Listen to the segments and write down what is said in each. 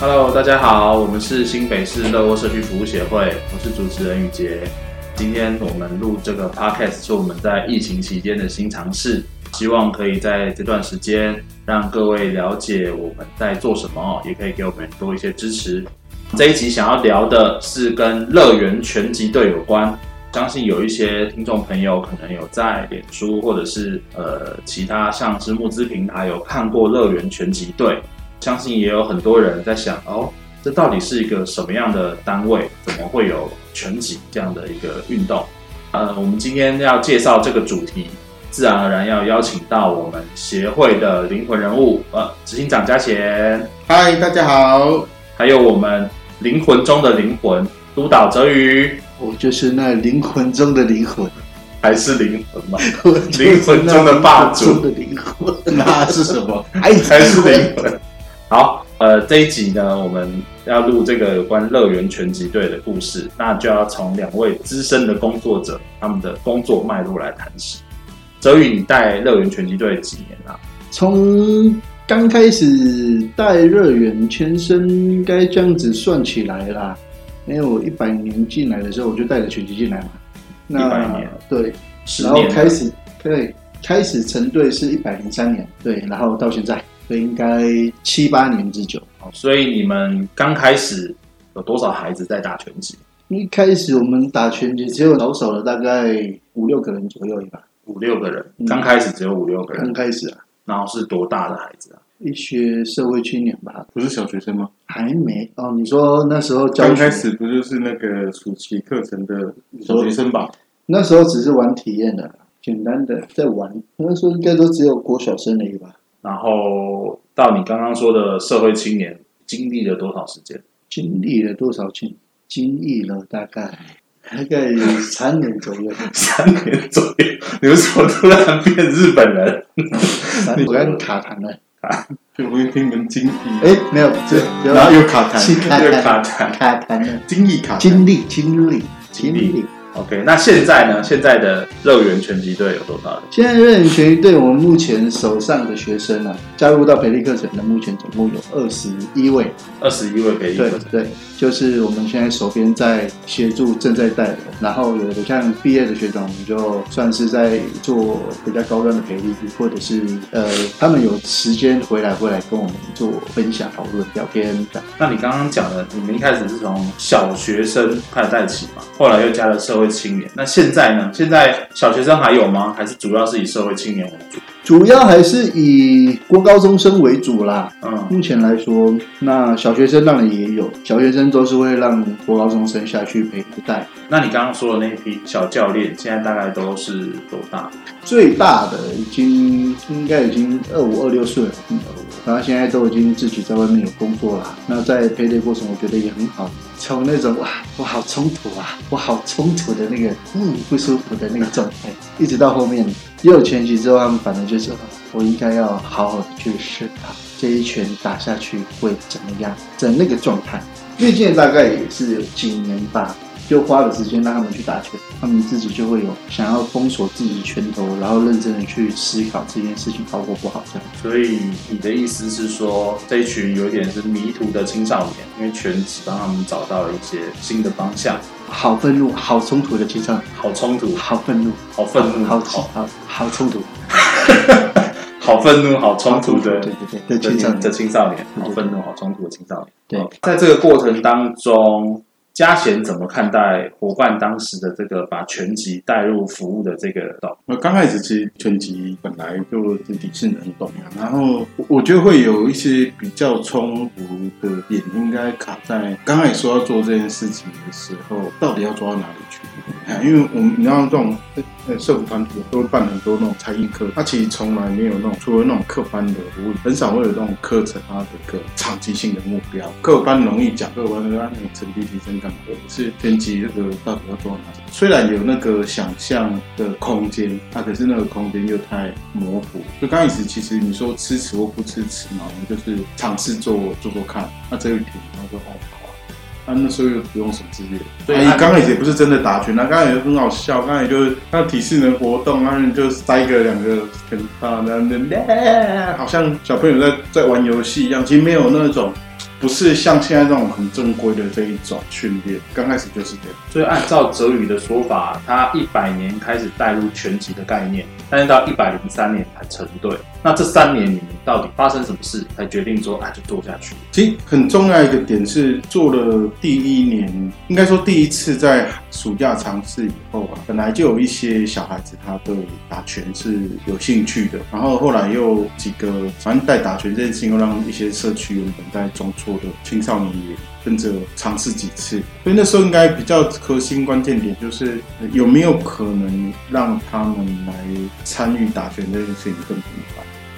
Hello，大家好，我們是新北市樂窩社區服務協會，我是主持人宇捷。今天我們錄這個 podcast 是我們在疫情期間的新嘗試，希望可以在這段時間讓各位了解我們在做什麼，也可以給我們多一些支持。這一集想要聊的是跟《熱原拳擊隊》有關，相信有一些聽眾朋友可能有在臉書或者是呃其他像是募資平台有看過《熱原拳擊隊》。相信也有很多人在想哦，這到底是一個什麼樣的單位？怎麼會有拳擊這樣的一個運動？呃，我們今天要介紹這個主題，自然而然要邀請到我們協會的靈魂人物，呃、啊，執行長佳賢。嗨，大家好。還有我們靈魂中的靈魂，督導哲宇。我就是那靈魂中的靈魂，還是靈魂嗎？靈魂中的霸主，靈魂中的靈魂，那是什麼？還是靈魂？好，呃，這一集呢，我們要錄這個有關熱原拳擊隊的故事，那就要從兩位資深的工作者他們的工作脈絡來談起。哲宇，你帶熱原拳擊隊幾年啦？從剛開始帶熱原前身，應該這樣子算起來啦，因為我一百年進來的時候，我就帶着拳擊進來嘛。一百年。呃、對，十年了，然後開始對開始成隊是一百零三年，對，然後到現在。所以應該七八年之久。所以你們剛開始有多少孩子在打拳擊？一開始我們打拳擊只有留守了大概五六個人左右，一把五六個人。剛開始只有五六個人。嗯、剛開始啊。然後是多大的孩子啊？一些社會青年吧。不是小學生嗎？還沒哦。你說那時候剛開始不就是那個暑期課程的小學生吧？那時候只是玩體驗的，簡單的在玩。那時候應該都只有國小生了一把。然後到你剛剛說的社會青年，經歷了多少時間？經歷了多少年？經歷了大概大概有三年左右。 三年左右，你為什麼突然變日本人？突然卡彈了啊！就我聽你們經歷，哎，沒有，然後又卡彈，又卡彈。卡彈。了，經歷卡，經歷經歷經歷。經歷經歷 OK，那現在呢？現在的熱原拳擊隊有多大的？現在熱原拳擊隊，我們目前手上的學生啊，加入到培力課程的目前總共有二十一位。二十一位培力課程，對對，就是我們現在手邊在協助正在帶的，然後有的像畢業的學長，我們就算是在做比較高端的培力，或者是呃，他們有時間回來會來跟我們做分享、討論、聊天。那你剛剛講的，你們一開始是從小學生開始帶起嘛？後來又加了社會。青年，那現在呢？現在小學生還有嗎？還是主要是以社會青年為主？主要還是以國高中生為主啦。嗯，目前來說，那小學生那裡也有，小學生都是會讓國高中生下去陪帶。那你剛剛說的那一批小教練，現在大概都是多大？最大的已經應該已經二五二六歲了，嗯，然後現在都已經自己在外面有工作啦。那在陪帶過程，我覺得也很好，從那種哇，我好衝突啊，我好衝突的那個嗯不舒服的那個狀態， 一直到後面。又有拳擊之後，他們反正就是，我應該要好好的去思考，這一拳打下去會怎麼樣，在那個狀態。最近大概也是有幾年吧，就花了時間讓他們去打拳，他們自己就會有想要封鎖自己的拳頭，然後認真的去思考這件事情好過不好這樣。所以你的意思是說，這一群有點是迷途的青少年，因為拳擊幫他們找到了一些新的方向。好憤怒、好衝突的青少年，好衝突、好憤怒、好憤怒、好衝、好好衝突， 突，好憤怒、好衝突，對對對對，的青少年，好憤怒、好衝突的青少年，對，對，對，青少年對，對，對，在這個過程當中。佳賢怎麼看待夥伴當時的這個把拳擊帶入服務的這個動那剛開始其實拳擊本來就底是能懂，然後我覺得會有一些比較衝突的點，應該卡在剛開始說要做這件事情的時候，到底要抓到哪裡？因為我們你知道，這種呃社福團體都會辦很多那種才藝課，他、啊、其實從來沒有那種除了那種課班的服務，不會很少會有那種課程啊的長期性的目標。課班容易講，課班的那種成績提升幹嘛的，不是天機那個到底要做哪？雖然有那個想象的空間，啊，可是那個空間又太模糊。就剛開始，其實你說支持或不支持嘛，我們就是嘗試做做做看，啊、這那這個題然後說哦。他、啊、那時候又不用什麼之類的業，你剛開始也不是真的打拳，那剛開始很好笑，剛開始就是那、啊、體式能活動啊，就塞個兩個，很、啊啊啊、好像小朋友在在玩遊戲一樣，其實沒有那種，不是像現在這種很正規的這一種訓練，剛開始就是這樣。所以按照哲宇的說法，他一百年開始帶入拳擊的概念，但是到一百零三年才成隊。那這三年裡面到底發生什麼事，才決定說來、啊、就做下去？其實很重要一個點是，做了第一年，應該說第一次在暑假嘗試以後啊，本來就有一些小孩子他對打拳是有興趣的，然後後來又幾個反正在打拳這件事情，又讓一些社區原本在中輟的青少年也跟着嘗試幾次，所以那時候應該比較核心關鍵點就是有沒有可能讓他們來參與打拳這件事情更多。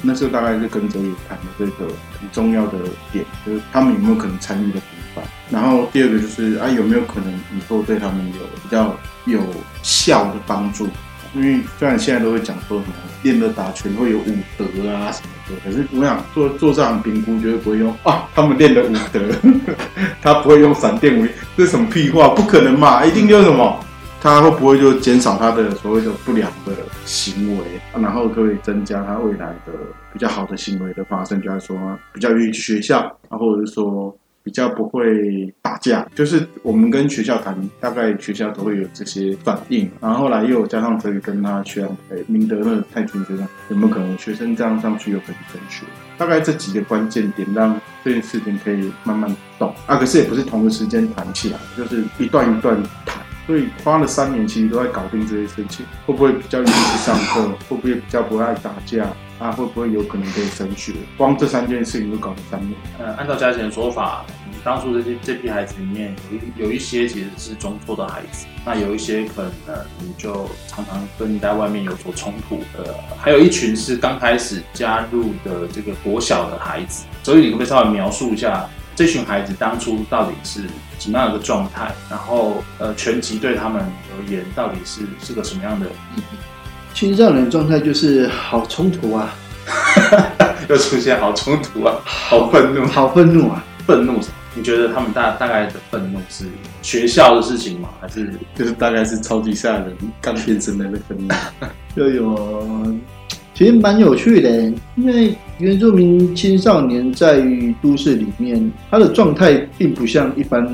那時候大概是跟哲宇談的這個很重要的點，就是他們有沒有可能參與的比賽。然後第二個就是啊，有沒有可能以後對他們有比較有效的幫助？因為雖然現在都會講說什麼練了打拳會有武德啊什麼的，可是我想做做這樣評估，絕對不會用啊他們練的武德呵呵，他不會用閃電為，這是什麼屁話？不可能嘛，一定就是什麼。他會不會就減少他的所謂的不良的行為、啊，然後可以增加他未來的比較好的行為的發生？就是說比較願意去學校，或者是說比較不會打架。就是我們跟學校談，大概學校都會有這些反應，然後來又加上可以跟他去讓哎明德那太平學校有沒有可能學生這樣上去又可以升學？大概這幾個關鍵點讓這件事情可以慢慢動，啊，可是也不是同個時間談起來，就是一段一段談。所以花了三年，其實都在搞定這些事情。會不會比較容易去上課？會不會比較不愛打架？啊，會不會有可能可以升學？光這三件事情都搞了三年。呃，按照佳賢的說法，當初這些這批孩子裡面有一有一些其實是中輟的孩子，那有一些可能呢，你就常常跟你在外面有所衝突的，呃、還有一群是剛開始加入的這個國小的孩子。所以，你可不可以稍微描述一下？這群孩子當初到底是什麼樣的狀態？然後，呃，拳擊對他們而言到底是是個什麼樣的意義，嗯？其實，這樣的人狀態就是好衝突啊！ 又出現好衝突啊！好憤怒！好憤怒啊！憤怒什麼？你覺得他們大大概的憤怒是學校的事情嗎？還是就是大概是超級賽亞人剛變身的那個？要 有，其實蠻有趣的，因為。原住民青少年在於都市裡面，他的狀態並不像一般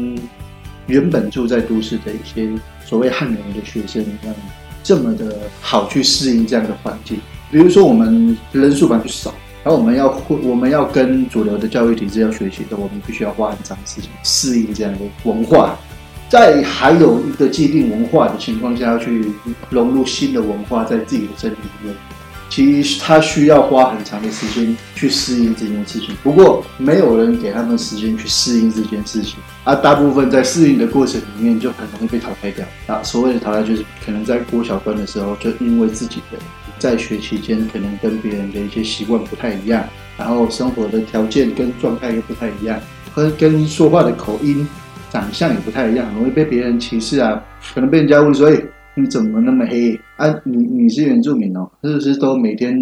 原本住在都市的一些所謂漢人的學生一樣這麼的好去適應這樣的環境。比如說，我們人數本來就少，然後我們要我們要跟主流的教育體制要學習的，我們必須要花很長的時間適應這樣的文化。在還有一個既定文化的情況下，要去融入新的文化在自己的身體裡面。其實他需要花很長的時間去適應這件事情，不過沒有人給他們時間去適應這件事情，啊，大部分在適應的過程裡面就很容易被淘汰掉。啊，所謂的淘汰就是可能在過小關的時候，就因為自己的在學期間可能跟別人的一些習慣不太一樣，然後生活的條件跟狀態又不太一樣，和跟說話的口音、長相也不太一樣，容易被別人歧視啊，可能被人家問所以。你怎麼那麼黑啊？你你是原住民哦，是不是？都每天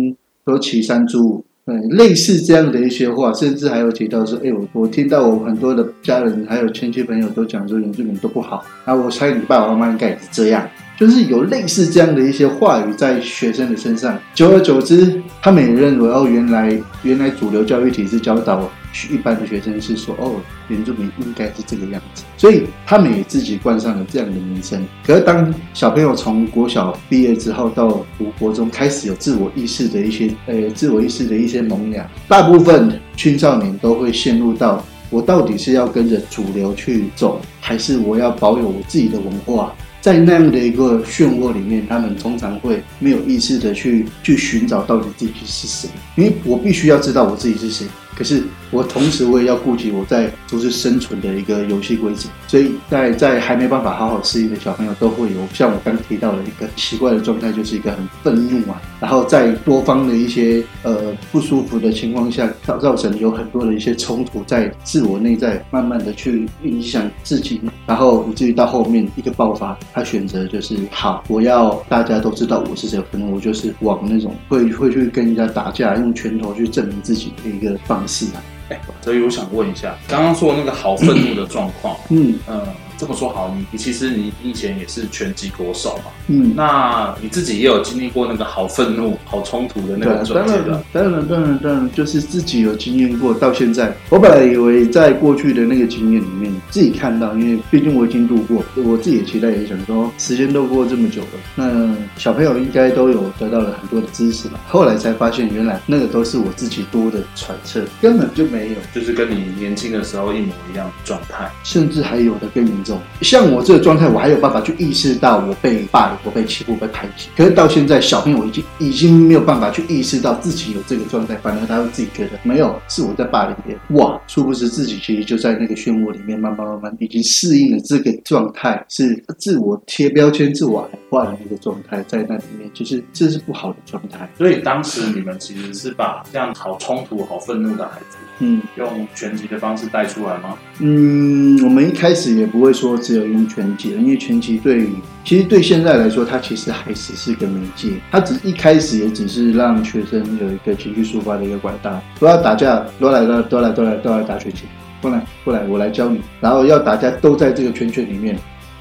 都騎山豬。嗯，類似這樣的一些話，甚至還有提到說，哎，我我聽到我很多的家人還有親戚朋友都講說原住民都不好，那、啊、我猜你爸爸媽媽應該也是這樣，就是有類似這樣的一些話語在學生的身上，久而久之，他們也認為哦，原來原來主流教育體制教導我。一般的學生是說：“哦，原住民應該是這個樣子。”所以他們也自己冠上了這樣的名稱。可是，當小朋友從國小畢業之後，到國中開始有自我意識的一些呃，自我意識的一些萌芽，大部分青少年都會陷入到：我到底是要跟着主流去走，還是我要保有我自己的文化？在那樣的一個漩渦裡面，他們通常會沒有意識的去去尋找到底自己是誰。因為我必須要知道我自己是誰。可是。我同時我也要顧及我在獨自生存的一個遊戲規則，所以在在還沒辦法好好適應的小朋友都會有，像我剛提到的一個奇怪的狀態，就是一個很憤怒嘛、啊，然後在多方的一些呃不舒服的情況下，造造成有很多的一些衝突，在自我內在慢慢的去影響自己，然後以至於到後面一個爆發，他選擇就是好，我要大家都知道我是誰，可能我就是往那種會會去跟人家打架，用拳頭去證明自己的一個方式啊。哎、欸，所以我想問一下，剛剛說的那個好憤怒的狀況，嗯咳咳嗯。嗯這麼說好，你，你其實你以前也是拳擊國手嘛，嗯，那你自己也有經歷過那個好憤怒、好衝突的那個轉折的，當然當然當然，當然就是自己有經驗過。到現在，我本來以為在過去的那個經驗裡面自己看到，因為畢竟我已經度過，我自己也期待也想說，時間都過這麼久了，那小朋友應該都有得到了很多的知識吧？後來才發現，原來那個都是我自己多的揣測，根本就沒有，就是跟你年輕的時候一模一樣的狀態，甚至還有的跟你。這種，像我這個狀態，我還有辦法去意識到我被霸凌、我被欺負，我被排擠。可是到現在，小朋友已經已經沒有辦法去意識到自己有這個狀態，反而他會自己覺得沒有，是我在霸凌別人。哇，殊不知自己其實就在那個漩渦裡面，慢慢慢慢已經適應了這個狀態，是自我貼標籤、自我矮化的那個狀態，在那裡面，其實這是不好的狀態。所以當時你們其實是把這樣好衝突、好憤怒的孩子，嗯，用拳擊的方式帶出來嗎？嗯，我們一開始也不會說只有用拳擊，因為拳擊對其實對現在來說，它其實還只是，是個媒介，它只一開始也只是讓學生有一個情緒抒發的一個管道。不要打架，都來都來都來都來都來都打拳擊，過來過來我來教你。然後要打架都在這個圈圈裡面，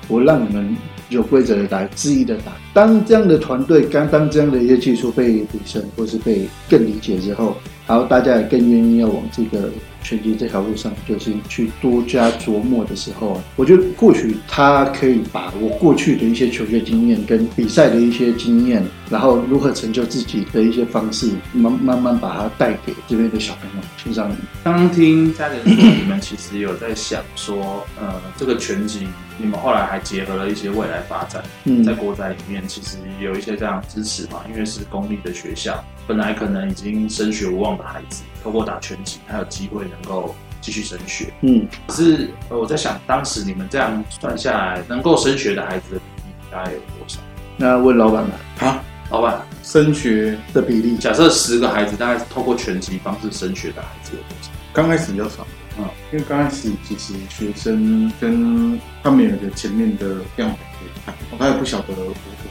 我讓你們有規則的打，恣意的打。當這樣的團隊，剛當這樣的一些技術被提升，或是被更理解之後，然後大家也更願意要往這個拳擊這條路上，就是去多加琢磨的時候，我覺得或許他可以把我過去的一些求學經驗、跟比賽的一些經驗，然後如何成就自己的一些方式，慢慢慢把它帶給這邊的小朋友青少年。剛剛聽佳賢說， 你們其實有在想說，呃，這個拳擊，你們後來還結合了一些未來發展，嗯，在國賽裡面。其實有一些這樣支持嘛，因為是公立的學校，本來可能已經升學無望的孩子，透過打拳擊還有機會能夠繼續升學。嗯，可是我在想，當時你們這樣算下來，能夠升學的孩子的比例大概有多少？那問老闆們啊，老闆，升學的比例，假設十個孩子，大概透過拳擊方式升學的孩子有多少？剛開始比較少。啊、哦，因為剛開始其實學生跟他們有個前面的樣本可以看，他也不曉得。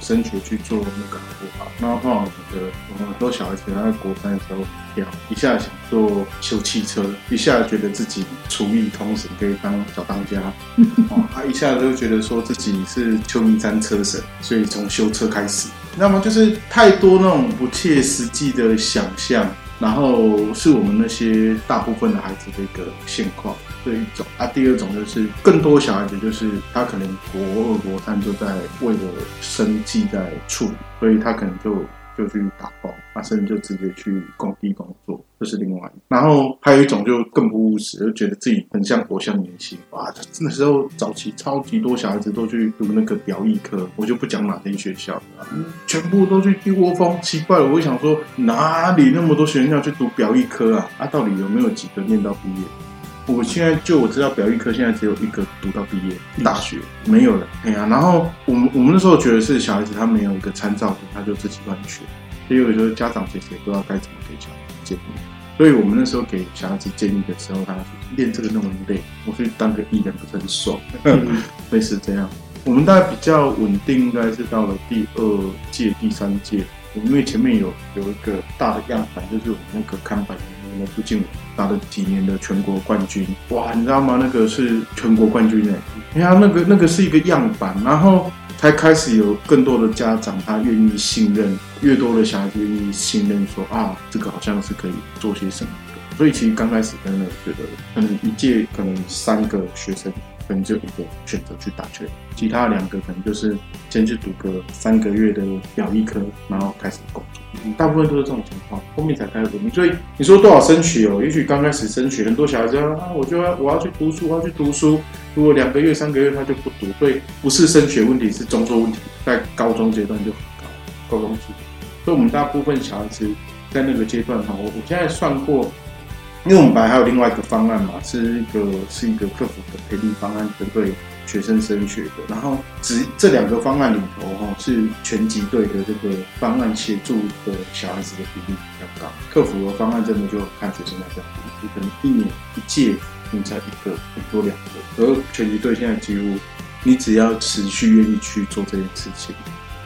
升學去做那個不好，那不我覺得，我們很多小孩子他在國三的時候，一下想做修汽車，一下覺得自己廚藝通神可以當小當家，他、 啊、一下子就覺得說自己是秋名山車神，所以從修車開始。那麼就是太多那種不切實際的想象，然後是我們那些大部分的孩子的一個現況。這一種啊，第二種就是更多小孩子，就是他可能國二國三就在為了生計在處理，所以他可能就就去打工，啊，甚至就直接去工地工作，這、就是另外一種。然後還有一種就更不務實，就覺得自己很像國象明星啊。那時候早期超級多小孩子都去讀那個表藝科，我就不講哪些學校了、啊嗯，全部都去一窩蜂。奇怪了，我想說哪裡那麼多學校去讀表藝科啊？啊，到底有沒有幾個念到畢業？我現在就我知道表育科現在只有一個讀到畢業，大學沒有了。哎呀、啊，然後我們我們那時候覺得是小孩子，他沒有一個參照物，他就自己亂學。所以我覺得家長其實也不知道該怎麼給小孩子建議。所以我們那時候給小孩子建議的時候，他練這個那麼累，我去當個藝人不是很爽？類、 嗯、是這樣。我們大概比較穩定，應該是到了第二屆、第三屆，因為前面有有一個大的樣板，就是我們那個看板的朱靜文。打了幾年的全國冠軍，哇，你知道嗎？那個是全國冠軍哎，你看那個那個是一個樣板，然後才開始有更多的家長他願意信任，越多的小孩就願意信任說，說啊，這個好像是可以做些什麼。所以其實剛開始真的覺得，可能一屆可能三個學生。可能就有一個選擇去打拳，其他兩個可能就是先去讀個三個月的表一科，然後開始工作。嗯、大部分都是這種情況，後面才開始讀。所以你說多少升學哦？也許剛開始升學，很多小孩子啊，我就要我要去讀書，我要去讀書。如果兩個月、三個月，他就不讀。所以不是升學問題，是中輟問題，在高中階段就很高，高中階段。所以我們大部分小孩子在那個階段，哈，我我現在算過。因為我們本來，還有另外一個方案嘛，是一個是一個課輔的培力方案，針對學生升學的。然後只這兩個方案裡頭哦，是拳擊隊的這個方案協助的小孩子的比例比較高。課輔的方案真的就看學生要不要讀，你可能一年一屆，你才一個，最多兩個。而拳擊隊現在幾乎，你只要持續願意去做這件事情，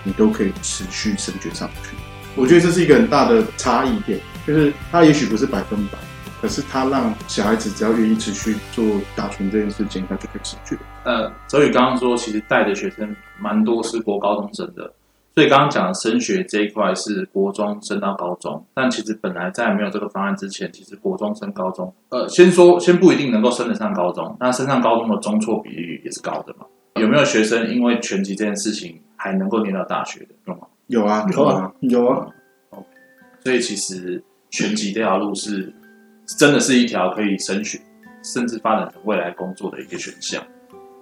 你都可以持續升學上去。我覺得這是一個很大的差異點，就是它也許不是百分百。可是他讓小孩子只要願意持續做打拳這件事情，他就會持續了。呃，哲宇所以剛剛說，其實帶的學生蠻多是國高中生的，所以剛剛講的升學這一塊是國中升到高中，但其實本來在沒有這個方案之前，其實國中升高中，呃，先說先不一定能夠升得上高中，那升上高中的中輟比率也是高的嘛？有沒有學生因為拳擊這件事情還能夠念到大學的嗎？有啊，有啊，有啊。有啊有啊 Okay. 所以其實拳擊這條路是。真的是一條可以升學，甚至發展成未來工作的一個選項。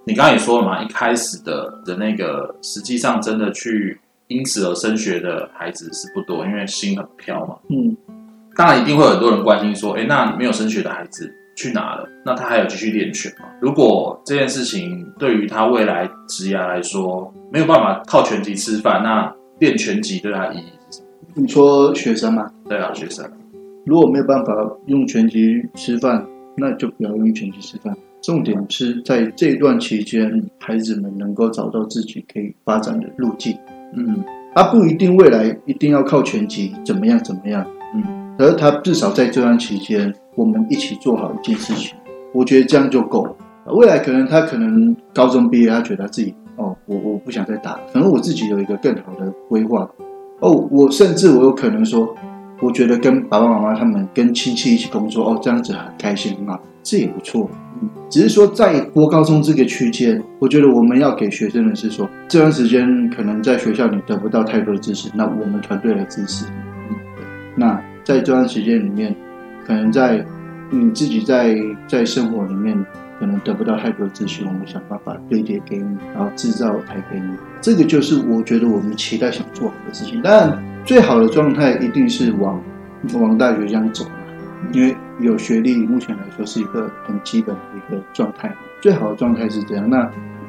你剛剛也說了嘛，一開始的的那個，實際上真的去因此而升學的孩子是不多，因為心很飄嘛。嗯，當然一定會有很多人關心說，誒、欸，那沒有升學的孩子去哪了？那他還有繼續練拳嗎？如果這件事情對於他未來職業來說沒有辦法靠拳擊吃飯，那練拳擊對他意義是什麼？你說學生嗎？對啊，學生。如果沒有辦法用拳擊吃飯，那就不要用拳擊吃飯。重點是，在這段期間，孩子們能夠找到自己可以發展的路徑。嗯，他、啊、不一定未來一定要靠拳擊怎麼樣怎麼樣。嗯，而他至少在這段期間，我們一起做好一件事情。我覺得這樣就夠。未來可能他可能高中畢業，他覺得自己哦，我我不想再打，可能我自己有一個更好的規劃。哦，我甚至我有可能說。我覺得跟爸爸媽媽他們、跟親戚一起工作哦，這樣子很開心嘛，很好，這也不錯。嗯，只是說在國高中這個區間，我覺得我們要給學生的是說，這段時間可能在學校裡得不到太多的支持，那我們團隊來支持。嗯，那在這段時間裡面，可能在你自己在在生活裡面可能得不到太多的支持，我們想辦法堆疊給你，然後製造台給你。這個就是我覺得我們期待想做好的事情。但最好的狀態一定是往，往大學這樣走嘛，因為有學歷，目前來說是一個很基本的一個狀態。最好的狀態是這樣。那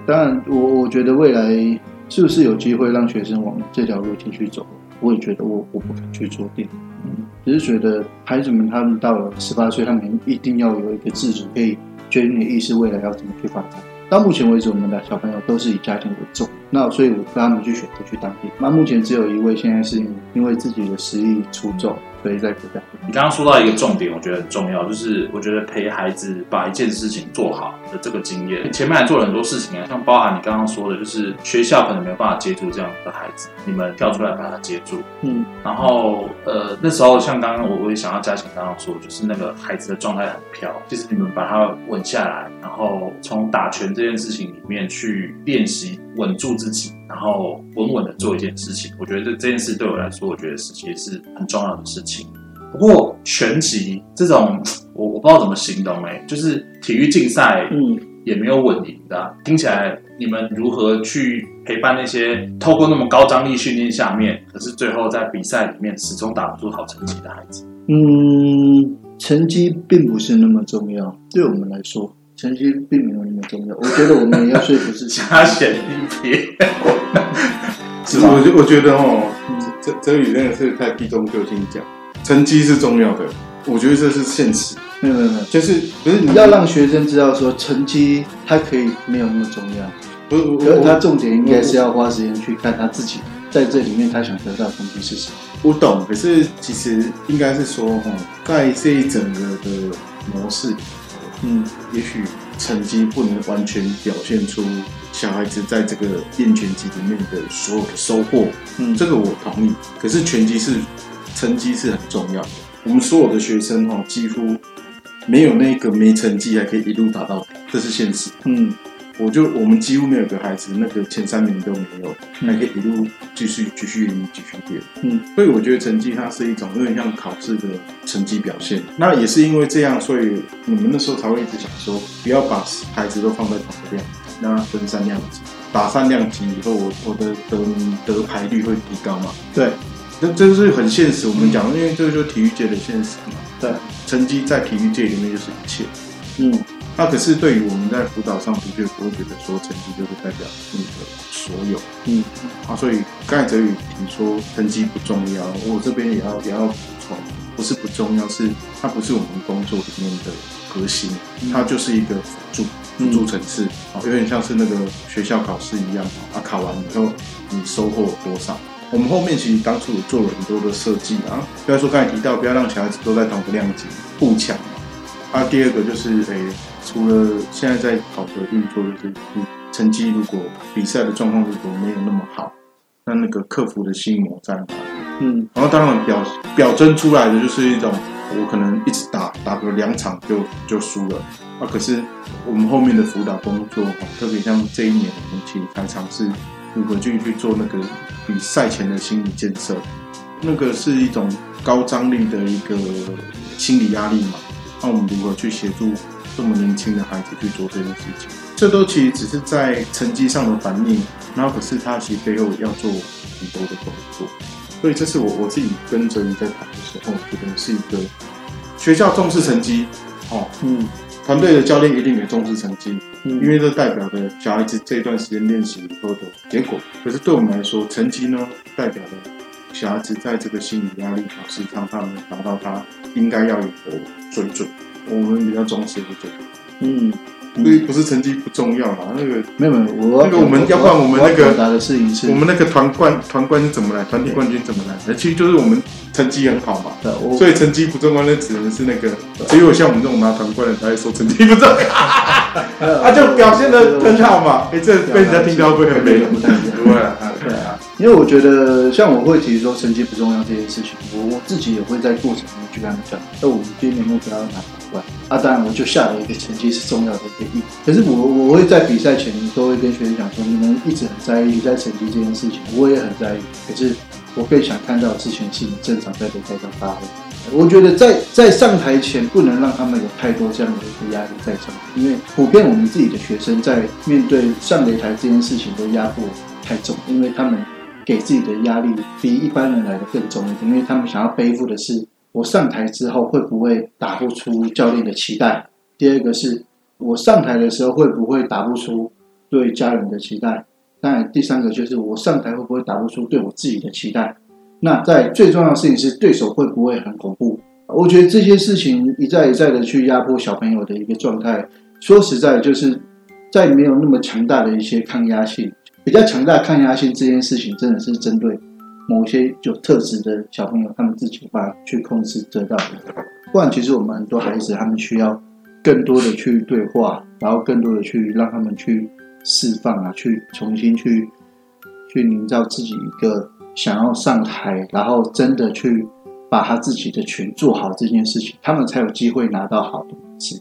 當然我，我我覺得未來是不是有機會讓學生往這條路繼續走，我也覺得我我不敢去說定。嗯，只是覺得孩子們他們到了十八歲，他們一定要有一個自主，可以決定的意識，未來要怎麼去發展。到目前為止，我們的小朋友都是以家庭為重。那所以，我讓他們去選擇去當兵。那、啊、目前只有一位，現在是因為自己的實力出眾、嗯，所以在留在。你剛剛說到一個重點，我覺得很重要，就是我覺得陪孩子把一件事情做好的這個經驗、嗯。前面還做了很多事情啊，像包含你剛剛說的，就是學校可能沒有辦法接住這樣的孩子，你們跳出來把他接住。嗯。然後、嗯，呃，那時候像剛剛我我也想要佳賢剛剛說，就是那個孩子的狀態很飄，其、就是你們把他穩下來，然後從打拳這件事情裡面去練習。穩住自己，然後穩穩的做一件事情。我覺得這件事對我來說，我覺得其實是很重要的事情。不過拳擊這種，我我不知道怎麼形容哎，就是體育競賽，嗯，也沒有穩贏的、嗯。聽起來你們如何去陪伴那些透過那麼高張力訓練下面，可是最後在比賽裡面始終打不出好成績的孩子？嗯，成績並不是那麼重要，對我們來說。成績並沒有那麼重要，我覺得我們要說不是加 減嫌一別。 是吧？我就我覺得哦，嗯、這這個哲宇是太避重就輕講，成績是重要的，我覺得這是現實。沒有沒有，就是不、嗯嗯就是嗯、是你要讓學生知道說成績它可以沒有那麼重要，而他重點應該是要花時間去看他自己在這裡面他想得到的東西是什麼。我懂，可是其實應該是說哦、嗯，在這一整個的模式。嗯，也許成績不能完全表現出小孩子在這個練拳擊裡面的所有的收穫。嗯，這個我同意。可是拳擊是成績是很重要的。我們所有的學生，哦，幾乎沒有那個沒成績還可以一路打到，這是現實。嗯。我就我們幾乎沒有給孩子，那個前三名都沒有、嗯，還可以一路繼續繼續繼續練。嗯，所以我覺得成績它是一種有點像考試的成績表現。那也是因為這樣，所以你們那時候才會一直想說，不要把孩子都放在同一個，讓他分散量級，打散量級以後，我我的得得牌率會提高嘛？對，那這是很現實、嗯。我們講，因為這就是體育界的現實嘛。對，成績在體育界裡面就是一切。嗯。那、啊、可是對於我們在輔導上的確不會覺得說成績就是代表你的所有，嗯啊，所以剛才哲宇你說成績不重要，我這邊也要也要補充，不是不重要，是它不是我們工作裡面的核心，它就是一個輔助輔助層次，啊、嗯哦，有點像是那個學校考試一樣啊，考完以後你收穫了多少？我們後面其實當初有做了很多的設計啊，不要說剛才提到，不要讓小孩子都在同一個量級不搶，啊，第二個就是誒。欸除了現在在考核運作，就是你成績，如果比賽的狀況如果沒有那麼好，那那個克服的心魔在哪？嗯，然後當然表表徵出來的就是一種，我可能一直打打個兩場就就輸了啊。可是我們後面的輔導工作，啊、特別像這一年，我們其實還嘗試如何去去做那個比賽前的心理建設，那個是一種高張力的一個心理壓力嘛。那、啊、我們如何去協助？這麼年輕的孩子去做這件事情，這都其實只是在成績上的反應，那可是他其實背後要，要做很多的工作。所以這是我我自己跟哲宇在談的時候，我覺得是一個學校重視成績，哦，嗯，團隊的教練一定也重視成績，因為這代表着小孩子這一段時間練習以後的結果。可是對我們來說，成績呢代表着小孩子在這個心理壓力考試上，他能達到他應該要有的水準。我們比較重視這個，嗯、不、嗯、不是成績不重要嘛，那個沒有沒有我我，那個我們要不然我們那個我，我們那個團冠團冠是怎麼來？團體冠軍怎麼來？其實就是我們成績很好嘛，對，所以成績不重要，那只能是那個。只有像我們這種拿團冠的，才會說成績不重要，他、 啊、就表現的很好嘛，哎、 欸、這被、個欸這個、人家聽到會很沒用，不會 啊。 因為我覺得，像我會提說成績不重要這件事情，我我自己也會在過程中去跟他們講。那我們今年目標要拿銅牌啊，當然我就下了一個成績是重要的定義。可是我我會在比賽前都會跟學生講說，你們一直很在意在成績這件事情，我也很在意。可是我更想看到之前是你正常在比賽上發揮。我覺得在在上台前不能讓他們有太多這樣的一個壓力在場，因為普遍我們自己的學生在面對上擂台這件事情都壓迫太重，因為他們。給自己的壓力比一般人來的更重一點，因為他們想要背負的是：我上台之後會不會打不出教練的期待？第二個是，我上台的時候會不會打不出對家人的期待？當然，第三個就是我上台會不會打不出對我自己的期待？那在最重要的事情是對手會不會很恐怖？我覺得這些事情一再一再的去壓迫小朋友的一個狀態，說實在，就是在沒有那麼強大的一些抗壓性。比較強大的抗壓性這件事情，真的是針對某些有特質的小朋友，他們自己的話去控制得到的。不然，其實我們很多孩子，他們需要更多的去對話，然後更多的去讓他們去釋放啊，去重新去去營造自己一個想要上台，然後真的去把他自己的群做好這件事情，他們才有機會拿到好的名次。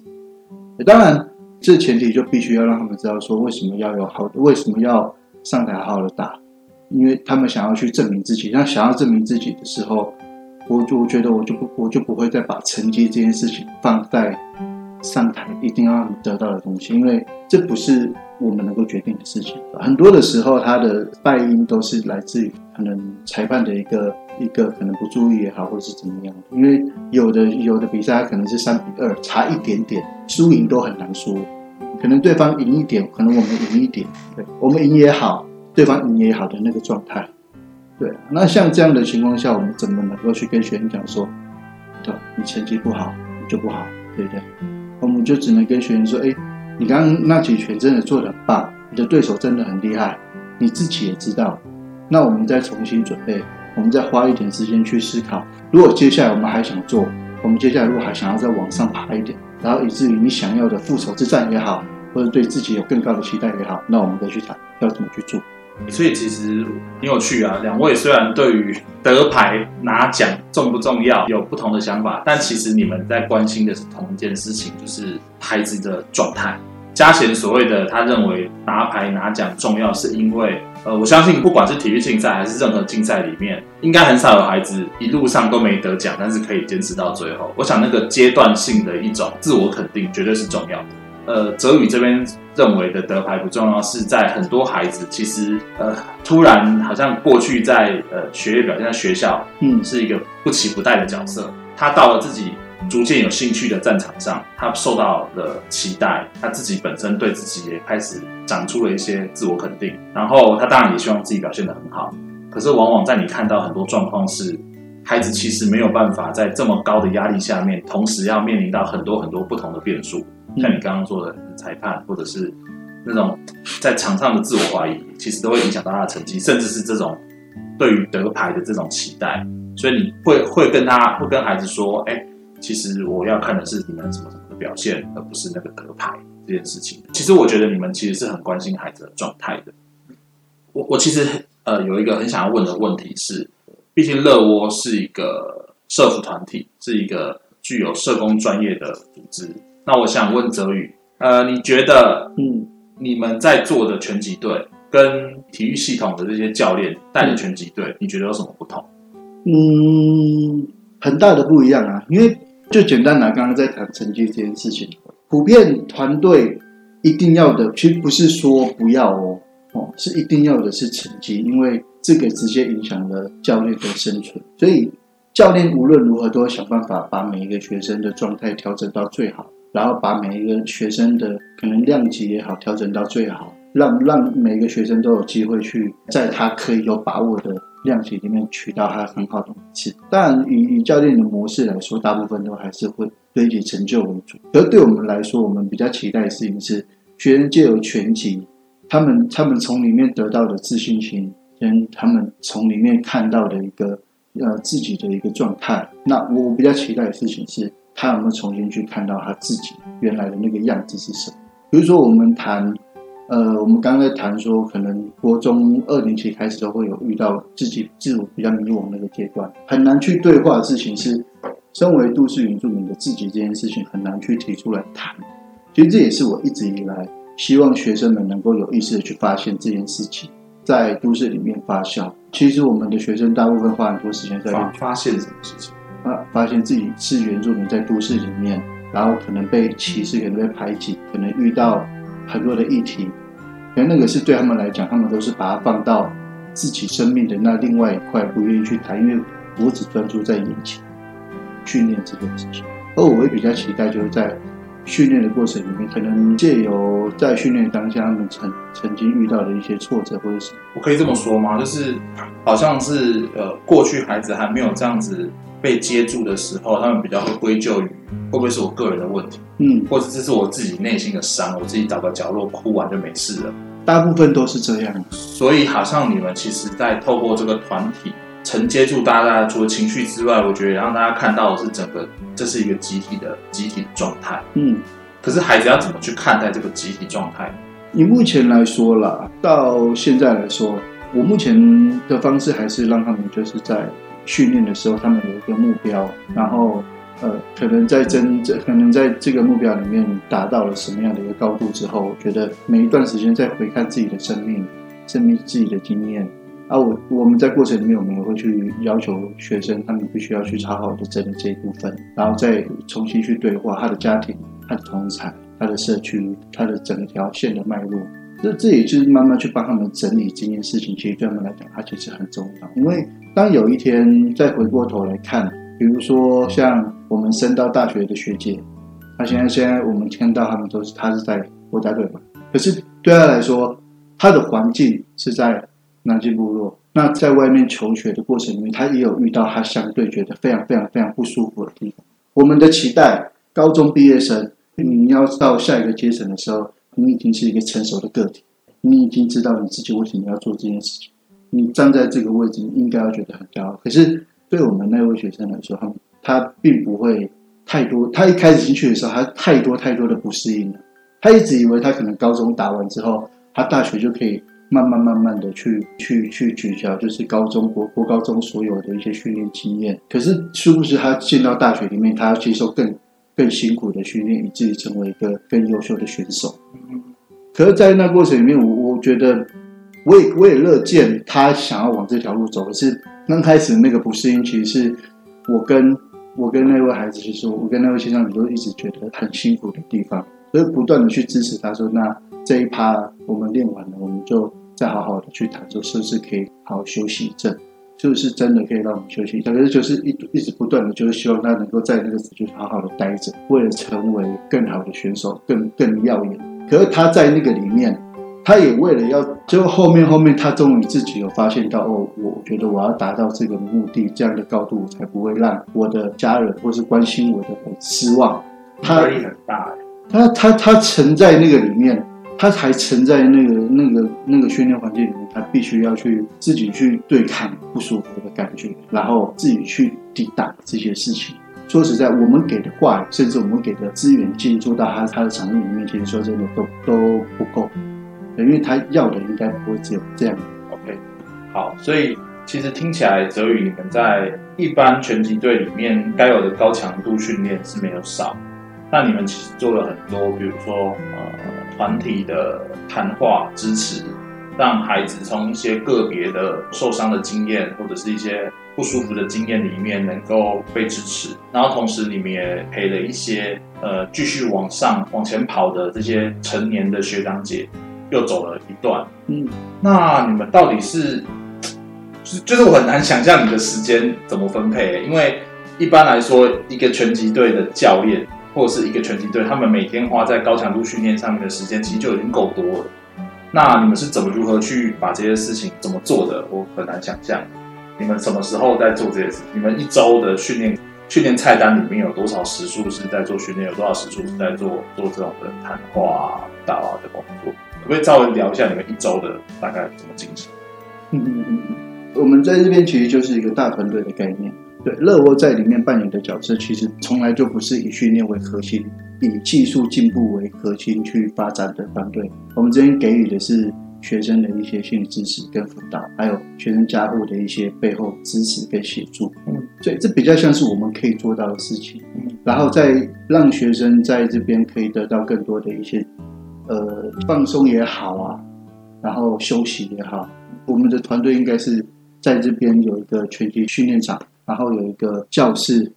當然，這前提就必須要讓他們知道說，為什麼要有好的？為什麼要？上台好好地打，因為他們想要去證明自己。那想要證明自己的時候，我就覺得我就不我就不會再把成績這件事情放在上台一定要得到的東西，因為這不是我們能夠決定的事情。很多的時候，他的敗因都是來自於可能裁判的一個一個可能不注意也好，或者是怎麼樣的。因為有的有的比賽，他可能是三比二，差一點點，輸贏都很難說。可能對方贏一點，可能我們贏一點，對我們贏也好，對方贏也好的那個狀態，對。那像這樣的情況下，我們怎麼能夠去跟學員講說，對，你成績不好你就不好，對不對？我們就只能跟學員說，誒，你剛剛那幾拳真的做得很棒，你的對手真的很厲害，你自己也知道。那我們再重新準備，我們再花一點時間去思考，如果接下來我們還想做，我們接下來如果還想要再往上爬一點。然後以至於你想要的復仇之戰也好，或者對自己有更高的期待也好，那我們得去談要怎麼去做。所以其實挺有趣啊，兩位雖然對於得牌拿獎重不重要有不同的想法，但其實你們在關心的是同一件事情，就是牌子的狀態。佳賢所謂的他認為拿牌拿獎重要，是因為，呃，我相信不管是體育競賽還是任何競賽裡面，應該很少有孩子一路上都沒得獎，但是可以堅持到最後。我想那個階段性的一種自我肯定絕對是重要的。呃，哲宇這邊認為的得牌不重要，是在很多孩子其實，呃，突然好像過去在呃學業表現的學校，嗯，是一個不期不待的角色，他到了自己逐漸有興趣的戰場上，他受到了期待，他自己本身對自己也開始長出了一些自我肯定。然後他當然也希望自己表現得很好，可是往往在你看到很多狀況是，孩子其實沒有辦法在這麼高的壓力下面，同時要面臨到很多很多不同的變數。像你剛剛說的裁判，或者是那種在場上的自我懷疑，其實都會影響到他的成績，甚至是這種對於得牌的這種期待。所以你會會跟他會跟孩子說，哎、欸，其實我要看的是你們什麼什麼的表現，而不是那個得牌這件事情。其實我覺得你們其實是很關心孩子的狀態的我。我我其實呃有一個很想要問的問題是，畢竟樂窩是一個社服團體，是一個具有社工專業的組織。那我想問哲宇，呃，你覺得嗯，你們在做的拳擊隊跟體育系統的這些教練帶的拳擊隊，你覺得有什麼不同？嗯，很大的不一樣啊，因為就簡單拿、啊、剛剛在談成績這件事情，普遍團隊一定要的，其實不是說不要哦，哦，是一定要的是成績，因為這個直接影響了教練的生存，所以教練無論如何都要想辦法把每一個學生的狀態調整到最好，然後把每一個學生的可能量級也好調整到最好，讓讓每一個學生都有機會去在他可以有把握的。量級裡面取到他很好的成績，但以以教練的模式來說，大部分都還是會堆積成就為主。而對我們來說，我們比較期待的事情是，學員借由拳擊，他們他們從裡面得到的自信心，跟他們從裡面看到的一個呃自己的一個狀態。那我比較期待的事情是，他有沒有重新去看到他自己原來的那個樣子是什麼？比如說，我們談。呃，我們剛剛在談說，可能國中二年級開始都會有遇到自己自我比較迷惘那個階段，很難去對話的事情是，身為都市原住民的自己這件事情很難去提出來談。其實這也是我一直以來希望學生們能夠有意識的去發現這件事情，在都市裡面發酵。其實我們的學生大部分花很多時間在發，發現什麼事情啊，發現自己是原住民在都市裡面，然後可能被歧視，可能被排擠，可能遇到。很多的議題，可能那個是對他們來講，他們都是把它放到自己生命的那另外一塊，不願意去談，因為我只專注在眼前訓練這件事情。而我會比較期待，就是在訓練的過程裡面，可能借由在訓練當中，他們曾曾經遇到的一些挫折或者什麼，我可以這麼說嗎？就是好像是呃，過去孩子還沒有這樣子被接住的時候，他們比較會歸咎於會不會是我個人的問題，嗯，或者這是我自己內心的傷，我自己找個角落哭完就沒事了。大部分都是這樣，所以好像你們其實，在透過這個團體，承接住大家，除了情緒之外，我覺得也讓大家看到的是整個這是一個集體的集體狀態，嗯。可是孩子要怎麼去看待這個集體狀態？以目前來說啦，到現在來說，我目前的方式還是讓他們就是在。訓練的時候，他們有一個目標，然後，呃，可能在真正，可能在這個目標裡面達到了什麼樣的一個高度之後，我覺得每一段時間再回看自己的生命、生命自己的經驗，啊，我我們在過程裡面，我們也會去要求學生，他們必須要去好好的整理這一部分，然後再重新去對話他的家庭、他的同儕、他的社區、他的整條線的脈絡，這這也就是慢慢去幫他們整理這件事情。其實對他們來講，它其實很重要，因為。當有一天再回過頭來看，比如說像我們升到大學的學姐，她、啊、現在現在我們聽到他們都是他是在國家隊嘛，可是對他來說，他的環境是在南極部落。那在外面求學的過程裡面，他也有遇到他相對覺得非常非常非常不舒服的地方。我們的期待，高中畢業生，你要到下一個階層的時候，你已經是一個成熟的個體，你已經知道你自己為什麼要做這件事情。你站在這個位置，應該要覺得很驕傲。可是，對我們那位學生來說，他他並不會太多。他一開始進去的時候，他太多太多的不適應了。他一直以為他可能高中打完之後，他大學就可以慢慢慢慢的去去去取消，就是高中國國高中所有的一些訓練經驗。可是，殊不知他進到大學裡面，他要接受更更辛苦的訓練，以至於成為一個更優秀的選手。可是，在那過程裡面，我我覺得。我也我也樂見他想要往這條路走，可是剛開始那個不適應，其實是我跟我跟那位孩子去說，就是、我跟那位先生也都一直覺得很辛苦的地方，所以不斷的去支持他說，說那這一趴我們練完了，我們就再好好的去談，說是不是可以好好休息一陣，是、就、不是真的可以讓我們休息一陣？可是就是一一直不斷的，就是希望他能夠在那個就是好好的待着，為了成為更好的選手，更更耀眼。可是他在那個裡面。他也為了要，就後面後面，他終於自己有發現到，哦，我覺得我要達到這個目的，這樣的高度我才不會讓我的家人或是關心我的失望。壓力很大，他他他，他沉在那個裡面，他還沉在那個那個那個訓練環境裡面，他必須要去自己去對抗不舒服的感覺，然後自己去抵擋這些事情。說實在，我們給的話甚至我們給的資源，進駐到他他的場域裡面其實說真的都，都都不夠。因為他要的應該不會只有這樣，OK，好，所以其實聽起來哲宇你們在一般拳擊隊裡面該有的高強度訓練是沒有少，那你們其實做了很多，比如說呃團體的談話支持，讓孩子從一些個別的受傷的經驗或者是一些不舒服的經驗裡面能夠被支持，然後同時你們也陪了一些呃繼續往上往前跑的這些成年的學長姐。又走了一段，嗯，那你們到底是，就是我很難想象你的時間怎麼分配，因為一般來說，一個拳擊隊的教練或者是一個拳擊隊，他們每天花在高強度訓練上面的時間其實就已經夠多了、嗯。那你們是怎麼如何去把這些事情怎麼做的？我很難想象，你們什麼時候在做這些事？你們一周的訓練訓練菜單裡面有多少時數是在做訓練，有多少時數是在做做這種的談話、打的工作？可不可以稍微聊一下你們一周的大概怎麼進行？嗯嗯嗯，我們在這邊其實就是一個大團隊的概念。對，樂窩在裡面扮演的角色，其實從來就不是以訓練為核心，以技術進步為核心去發展的團隊。我們這邊給予的是學生的一些心理支持跟輔導，還有學生家務的一些背後支持跟協助。嗯，所以這比較像是我們可以做到的事情。嗯，然後再讓學生在這邊可以得到更多的一些。呃，放鬆也好啊，然後休息也好，我們的團隊應該是在這邊有一個拳擊訓練場，然後有一個教室，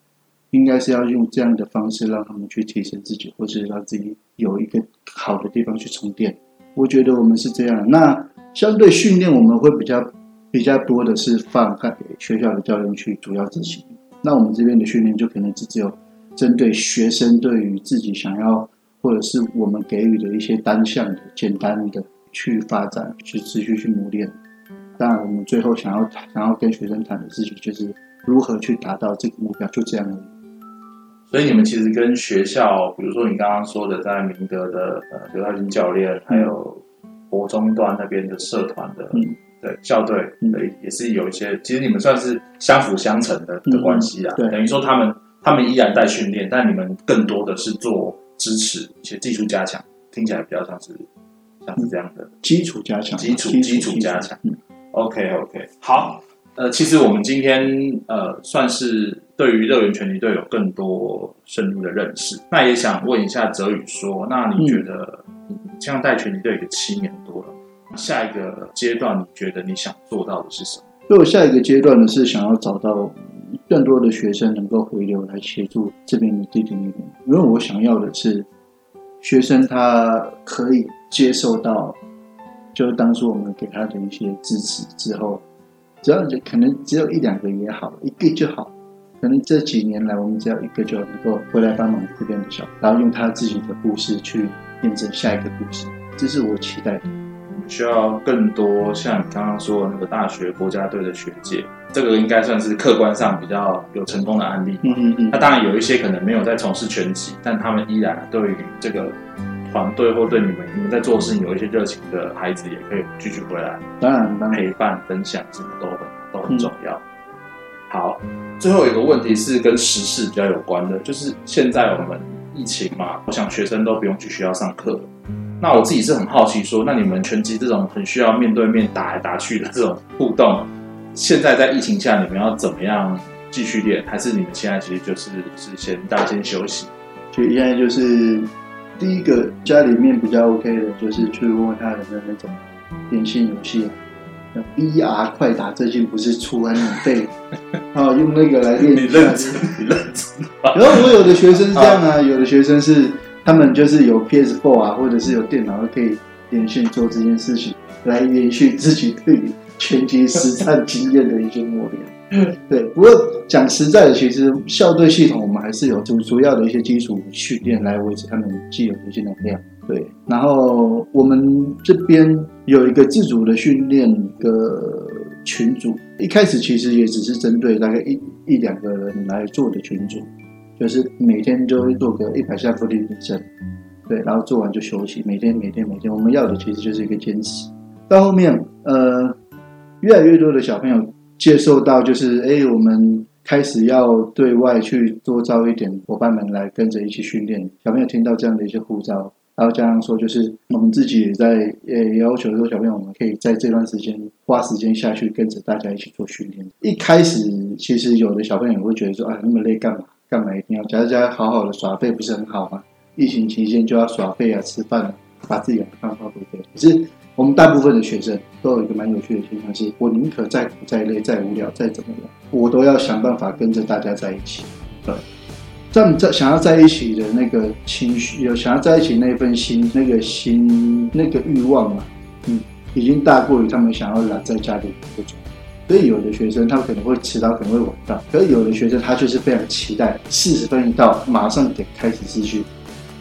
應該是要用這樣的方式讓他們去提升自己，或是讓自己有一個好的地方去充電。我覺得我們是這樣的。那相對訓練，我們會比較比較多的是放開給學校的教練去主要執行。那我們這邊的訓練就可能是只有針對學生對於自己想要，或者是我們給予的一些單項的、簡單的去發展、去持續去磨練。當然，我們最後想要想要跟學生談的事情，就是如何去達到這個目標。就這樣。所以你們其實跟學校，比如說你剛剛說的，在明德的劉大軍教練、嗯，還有國中段那邊的社團的、嗯、對校隊、嗯，對，也是有一些。其實你們算是相輔相成的、嗯、的關係啊。對，等於說他們他們依然在訓練，但你們更多的是做。支持一些技術加強，聽起來比較像是像是這樣的、嗯、基礎加強，基礎基礎,基礎加強。OK OK，好，呃，其實我們今天呃算是對於熱原拳擊隊有更多深入的認識。那也想問一下哲宇說，那你覺得這、嗯、像帶拳擊隊已經七年多了，下一個階段你覺得你想做到的是什麼？如果下一個階段呢是想要找到。更多的學生能夠回流來協助這邊的弟弟妹妹，因為我想要的是學生他可以接受到，就是當初我們給他的一些支持之後，只要你可能只有一兩個也好，一個就好，可能這幾年來我們只要一個就能夠回來幫忙這邊的小孩，然後用他自己的故事去驗證下一個故事，這是我期待的。需要更多像你剛剛說的那個大學國家隊的學姐，這個應該算是客觀上比較有成功的案例。嗯嗯嗯。那當然有一些可能沒有在從事拳擊，但他們依然對於這個團隊或對你們你們在做事情有一些熱情的孩子，也可以繼續回來。當然，當然，陪伴、分享什麼都很都很重要。好，最後一個問題，是跟時事比較有關的，就是現在我們疫情嘛，我想學生都不用去學校上課。那我自己是很好奇說，說那你們拳擊這種很需要面對面打來打去的這種互動，現在，在疫情下你們要怎麼樣繼續練？還是你們現在其實就是、就是先大家先休息？就現在就是第一個家裡面比較 OK 的，就是去問他人的那種電信遊戲，那 VR 快打最近不是出完免費，然 後、哦、用那個來練。 你認真，你認真。然後我有的學生是這樣啊，有的學生是。他們就是有 PS Four 啊，或者是有電腦，可以連線做這件事情，來延續自己對拳擊實戰經驗的一些磨練。對，不過講實在的，其實校隊系統我們還是有主主要的一些基礎訓練來維持他們既有的一些能量。對，然後我們這邊有一個自主的訓練的群組，一開始其實也只是針對大概一一兩個人來做的群組。就是每天就會做個一百下伏地挺身，對，然後做完就休息。每天，每天，每天，我們要的其實就是一個堅持。到後面，呃，越來越多的小朋友接受到，就是哎、欸，我們開始要對外去多招一點夥伴們來跟着一起訓練。小朋友聽到這樣的一些呼召，然後加上說，就是我們自己也在呃、欸、要求說，小朋友我們可以在這段時間花時間下去跟着大家一起做訓練。一開始，其實有的小朋友也會覺得說，啊、欸，那麼累幹嘛？幹嘛一定要、啊？家如家好好的耍廢不是很好嗎？疫情期間就要耍廢啊，吃飯，啊，把自己的飯花不對。可是我們大部分的學生都有一個蠻有趣的現象是，是我寧可再苦再累再無聊再怎麼樣，我都要想辦法跟着大家在一起。對。他們在想要在一起的那個情緒，有想要在一起那份心，那個心，那個慾望嘛，嗯，已經大過於他們想要懶在家裡這種。所以有的學生他可能會遲到，到，可能會晚到，可是有的學生他就是非常期待四十分一到，馬上點開始視訊。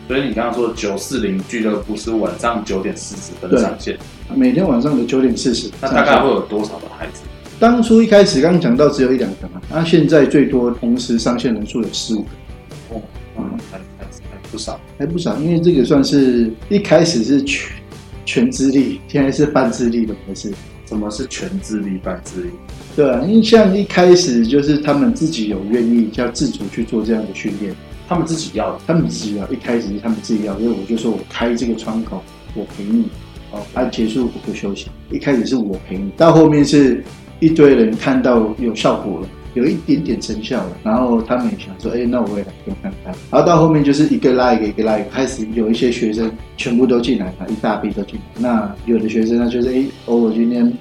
所以你剛剛說九四零俱樂部是晚上九點四十分上線，每天晚上的九點四十，那大概會有多少的孩子？當初一開始剛剛講到只有一兩個嘛，那、啊、現在最多同時上線人數有四五個。哦，嗯，嗯還還不少，還不少，因為這個算是一開始是全全智力，現在是半智力的模式。什麼是全自立、半自立？對啊，因為像一開始就是他們自己有願意要自主去做這樣的訓練，他們自己要，他們自己要、啊嗯。一開始是他們自己要，因為我就說我開這個窗口，我陪你，好，它、啊、結束我不休息。一開始是我陪你，到後面是一堆人看到有效果了。有一點點成效了，然後他們也想說，哎，那我也來跟看看。然後到後面就是一個拉一個，一個拉一個，開始有一些學生全部都進來了，一大批都進來。那有的學生他就是哎，哦我今天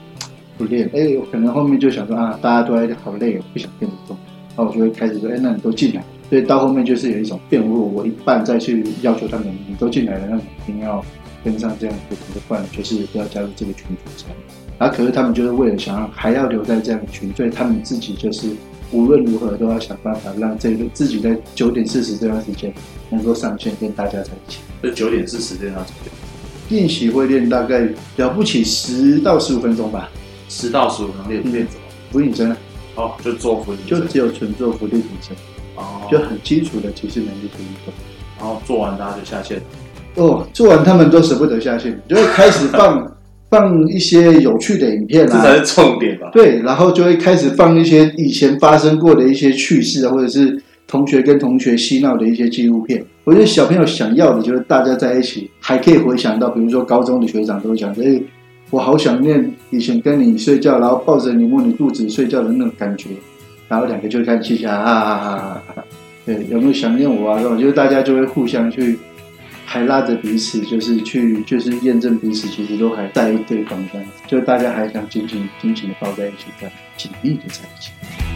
不練，哎，可能後面就想說啊，大家都還好累，不想練那麼重，然後我就會開始說，哎，那你都進來。所以到後面就是有一種變故，我一半再去要求他們，你都進來了，那肯定要跟上這樣的習慣，就是不要加入這個群組才然、啊、後可是他們就是為了想要還要留在這樣的群，所以他們自己就是無論如何都要想辦法讓這個自己在九點四十這段時間能夠上線跟大家在一起。就九點四十這段時間，練、嗯、習會練大概了不起十到十五分鐘吧？十到十五分鐘練什麼？俯臥撐。哦，就做俯臥撐，就只有純做俯臥撐。哦。就很基礎的其實能力的運動。然後做完大家就下線。哦，做完他們都捨不得下線，就會、是、開始放。 放一些有趣的影片啊，這才是重點吧。對，然後就會開始放一些以前發生過的一些趣事啊，或者是同學跟同學嬉鬧的一些紀錄片。我覺得小朋友想要的就是大家在一起，還可以回想到，比如說高中的學長都會講，哎、欸，我好想念以前跟你睡覺，然後抱着你摸你肚子睡覺的那種感覺，然後兩個就開始嘻嘻啊，對，有沒有想念我啊？然後就是大家就會互相去。還拉着彼此，就是去，就是驗證彼此，其實都還在意對方這樣，就大家還想緊緊緊緊的抱在一起，這緊密的在一起。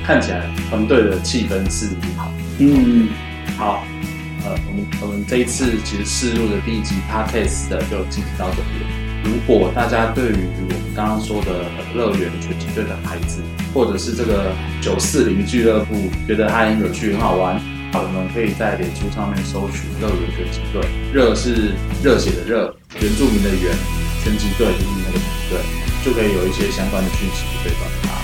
看起來團隊的氣氛是很好。嗯，好，呃，我們我們這一次其實試錄的第一集 Podcast 的就進行到這邊。如果大家對於我們剛剛說的熱原拳擊隊的孩子，或者是這個九四零俱樂部，覺得它很有趣、很好玩。好，我們可以在臉書上面搜尋熱原拳擊隊，熱是熱血的熱，原住民的原，拳擊隊就是那個團隊，就可以有一些相關的訊息。可以轉發。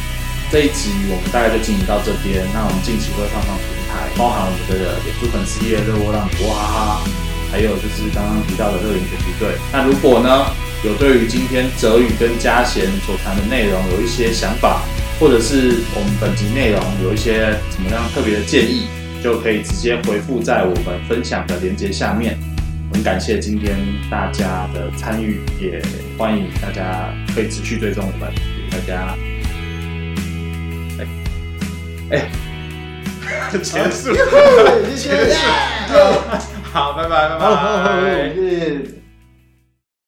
這一集我們大概就進行到這邊，那我們近期會放上平台，包含我們的臉書粉絲頁熱窩讓你哇哈，還有就是剛剛提到的熱原拳擊隊。那如果呢，有對於今天哲宇跟佳賢所談的內容有一些想法，或者是我們本集內容有一些怎麼樣特別的建議？就可以直接回復在我們分享的鏈接下面。很感謝今天大家的參與，也歡迎大家可以持續追蹤我們。大家，哎、欸、哎，結束了，已經結束了。好，拜拜，拜拜。